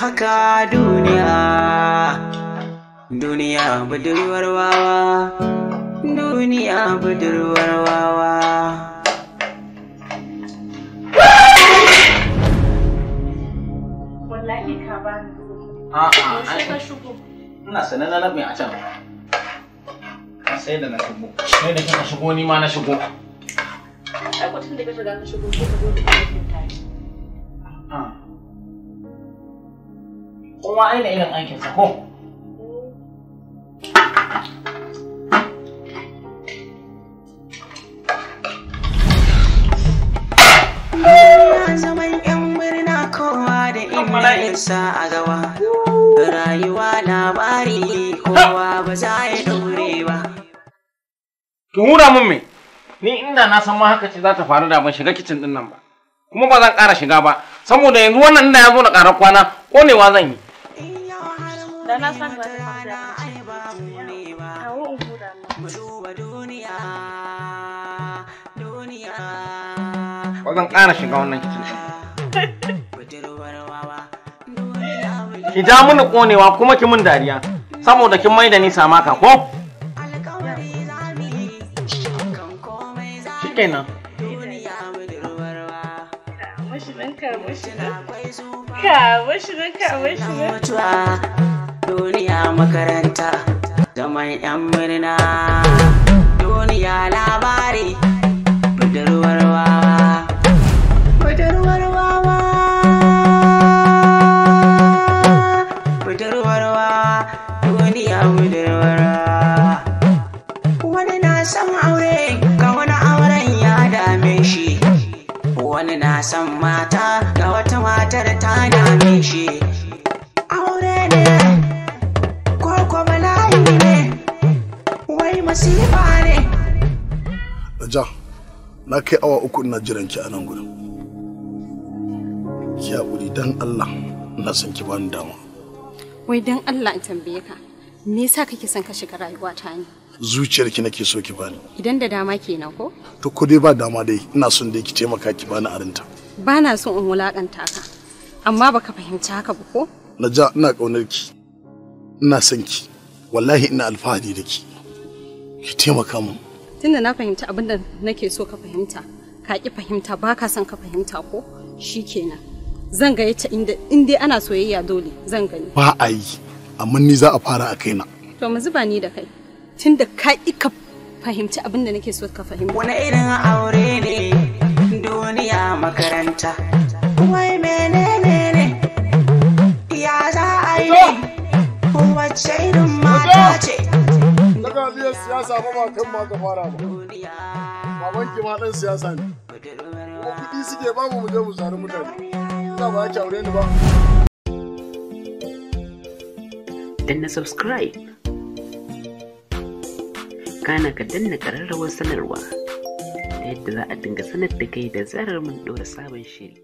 haka duniya duniya budurwar wawa duniya budurwar wawa wallahi ka ba ina sanar na a can sai da na shigo sai da kika shigo ni ma na shigo ai da shiga shigo ko ka zo da kake tare kuma aina irin aikinsa ko zaman yan birna kowa da a kowa ba za ya dore ba me ni inda na san ma haka ce za ta faru da ban shiga kicin din nan ba kuma ba zan ƙara shiga ba saboda yanzu wannan inda ya zo da ƙarar kwana konewa zan yi da na san ba ba ne duba duniya duniya wannan ƙara shiga wannan kicin ki ja mini konewa kuma ki mun dariya saboda kin mai da ni samaka ko shikenan Ka, ka, makaranta zaman yan murna duniya labari budurwar wawa budurwar wawa budurwar wawa duniya budurwar wani na san aure ga wani auren ya dame shi wani na san mata ga wata matar ta dame shi masifa Raja na kai awa uku ina jiran ki a nan gurin ki haƙuri dan Allah na san ki bani dama wai dan Allah in tambaye ka me yasa kake son ka shiga rayuwa ta ni zuciyarki nake so ki bani idan da dama kenan ko to ko dai ba dama dai ina son dai ki taimaka ki bani arinta ba na son in wulakanta ka amma baka fahimci haka ba ko naja ina ƙaunar ki ina son ki wallahi ina alfahari da ki ki taimaka mu tunda na fahimci abin da nake so ka fahimta ka ki fahimta ba ka son ka fahimta ko shikenan zan ga yace inda in dai ana soyayya dole zan gani ba a amma ni za a fara a kaina to mu zuba ni da kai tunda ka ki ka fahimci abin da nake so ka fahimta wani irin aure ne duniya makaranta wai menene ne ya za a yi wacce irin mata ce dan siyasa ba ba kan ma ka fara ba baban ki ma dan siyasa ne ko kuɗi suke ba mu je mu sari mutane ina ba ki aure ni ba danna subscribe kana ka danna ƙararrawar sanarwa ta yadda za a dinga sanar da kai da zarar mun ɗora sabon shiri